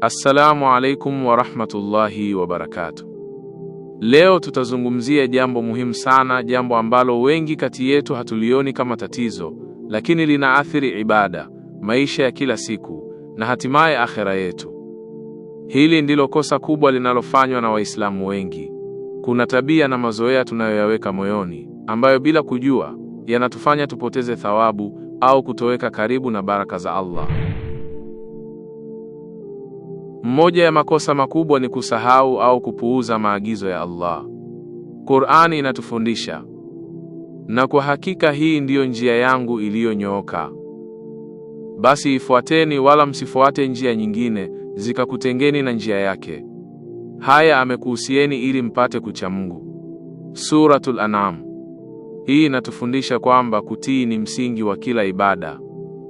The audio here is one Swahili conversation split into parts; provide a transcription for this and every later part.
Assalamu alaikum warahmatullahi wabarakatuh. Leo tutazungumzia jambo muhimu sana, jambo ambalo wengi kati yetu hatulioni kama tatizo, lakini linaathiri ibada, maisha ya kila siku na hatimaye akhera yetu. Hili ndilo kosa kubwa linalofanywa na Waislamu wengi. Kuna tabia na mazoea tunayoyaweka moyoni ambayo bila kujua yanatufanya tupoteze thawabu au kutoweka karibu na baraka za Allah. Mmoja ya makosa makubwa ni kusahau au kupuuza maagizo ya Allah. Qur'ani inatufundisha, na kwa hakika hii ndiyo njia yangu iliyonyooka, basi ifuateni, wala msifuate njia nyingine zikakutengeni na njia yake. Haya amekuhusieni ili mpate kucha Mungu. Suratul Anam. Hii inatufundisha kwamba kutii ni msingi wa kila ibada.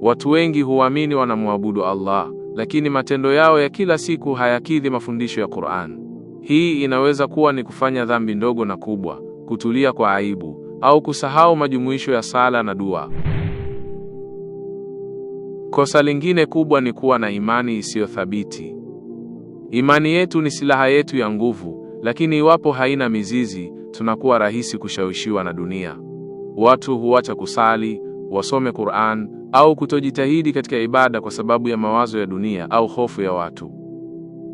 Watu wengi huamini wanamwabudu Allah lakini matendo yao ya kila siku hayakidhi mafundisho ya Qur'an. Hii inaweza kuwa ni kufanya dhambi ndogo na kubwa, kutulia kwa aibu, au kusahau majumuisho ya sala na dua. Kosa lingine kubwa ni kuwa na imani isiyo thabiti Imani yetu ni silaha yetu ya nguvu, lakini iwapo haina mizizi, tunakuwa rahisi kushawishiwa na dunia. Watu huacha kusali, wasome Qur'an au kutojitahidi katika ibada kwa sababu ya mawazo ya dunia au hofu ya watu.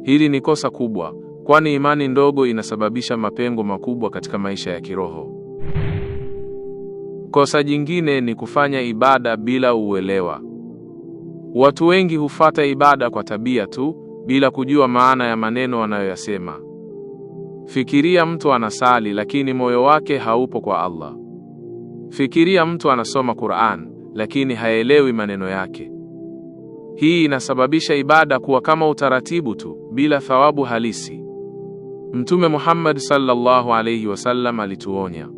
Hili ni kosa kubwa, kwani imani ndogo inasababisha mapengo makubwa katika maisha ya kiroho. Kosa jingine ni kufanya ibada bila uelewa. Watu wengi hufata ibada kwa tabia tu bila kujua maana ya maneno wanayoyasema. Fikiria mtu anasali lakini moyo wake haupo kwa Allah. Fikiria mtu anasoma Qur'an lakini haelewi maneno yake. Hii inasababisha ibada kuwa kama utaratibu tu bila thawabu halisi. Mtume Muhammad sallallahu alayhi wasallam alituonya,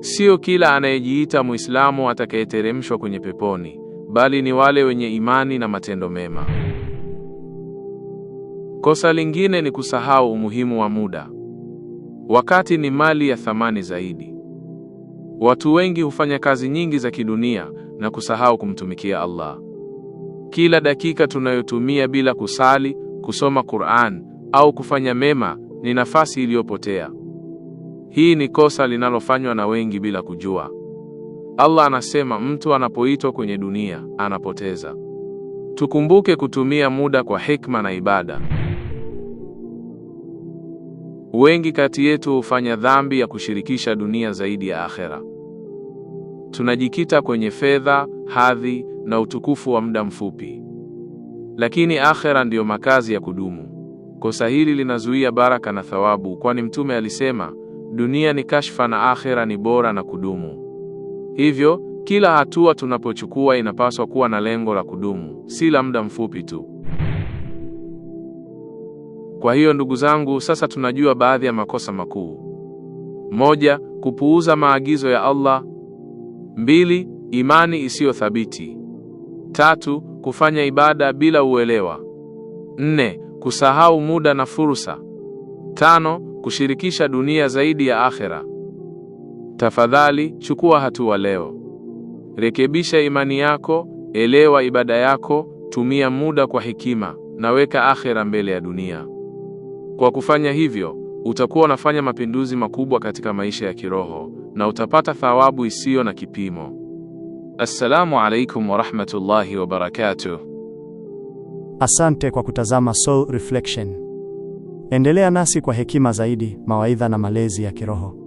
sio kila anayejiita Muislamu atakayeteremshwa kwenye peponi, bali ni wale wenye imani na matendo mema. Kosa lingine ni kusahau umuhimu wa muda. Wakati ni mali ya thamani zaidi. Watu wengi hufanya kazi nyingi za kidunia na kusahau kumtumikia Allah. Kila dakika tunayotumia bila kusali, kusoma Qur'an au kufanya mema ni nafasi iliyopotea. Hii ni kosa linalofanywa na wengi bila kujua. Allah anasema mtu anapoitwa kwenye dunia anapoteza. Tukumbuke kutumia muda kwa hikma na ibada. Wengi kati yetu hufanya dhambi ya kushirikisha dunia zaidi ya akhera tunajikita kwenye fedha, hadhi na utukufu wa muda mfupi, lakini akhera ndiyo makazi ya kudumu. Kosa hili linazuia baraka na thawabu, kwani Mtume alisema dunia ni kashfa na akhera ni bora na kudumu. Hivyo kila hatua tunapochukua inapaswa kuwa na lengo la kudumu, si la muda mfupi tu. Kwa hiyo ndugu zangu, sasa tunajua baadhi ya makosa makuu. Moja, kupuuza maagizo ya Allah mbili, imani isiyo thabiti; tatu, kufanya ibada bila uelewa; nne, kusahau muda na fursa; tano, kushirikisha dunia zaidi ya akhera. Tafadhali chukua hatua leo. Rekebisha imani yako, elewa ibada yako, tumia muda kwa hekima na weka akhera mbele ya dunia. Kwa kufanya hivyo Utakuwa unafanya mapinduzi makubwa katika maisha ya kiroho na utapata thawabu isiyo na kipimo. Assalamu alaikum warahmatullahi wabarakatuh. Asante kwa kutazama Soul Reflection. Endelea nasi kwa hekima zaidi, mawaidha na malezi ya kiroho.